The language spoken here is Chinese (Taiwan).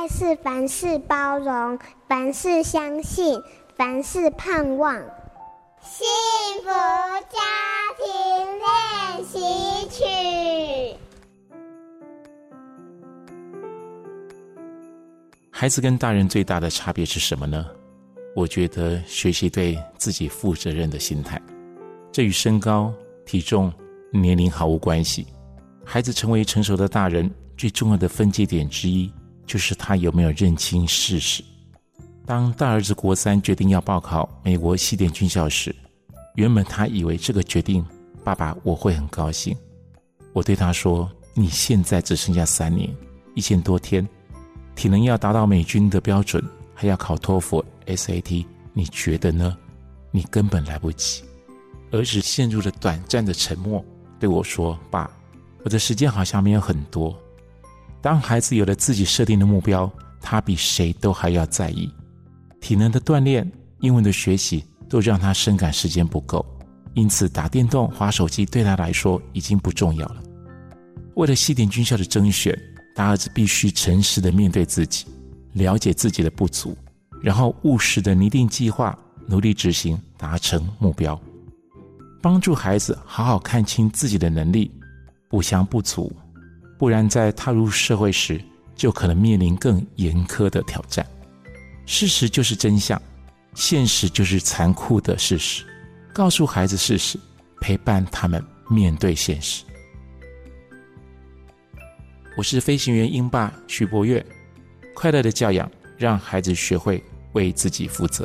愛是凡事包容，凡事相信，凡事盼望。幸福家庭練習曲。孩子跟大人最大的差別是什麼呢？我覺得學習對自己負責任的心態，這與身高、體重、年齡毫無關係。孩子成為成熟的大人最重要的分界點之一。就是他有沒有認清事實？當大兒子國三決定要報考美國西點軍校時，原本他以為這個決定，爸爸我會很高興。我對他說：“你現在只剩下三年一千多天，體能要達到美軍的標準，還要考托福、SAT，你覺得呢？”你根本來不及。兒子陷入了短暫的沉默，對我說：“爸，我的時間好像沒有很多。”當孩子有了自己設定的目標，他比誰都還要在意體能的鍛鍊、英文的學習，都讓他深感時間不夠。因此，打電動、滑手機對他來說已經不重要了。為了西點軍校的甄選，大兒子必須誠實的面對自己，了解自己的不足，然後務實的擬定計劃，努力執行，達成目標。幫助孩子好好看清自己的能力，補強不足。不然，在踏入社會時，就可能面臨更嚴苛的挑戰。事實就是真相，現實就是殘酷的事實。告訴孩子事實，陪伴他們面對現實。我是飛行員鷹爸徐柏岳，快樂的教養，讓孩子學會為自己負責。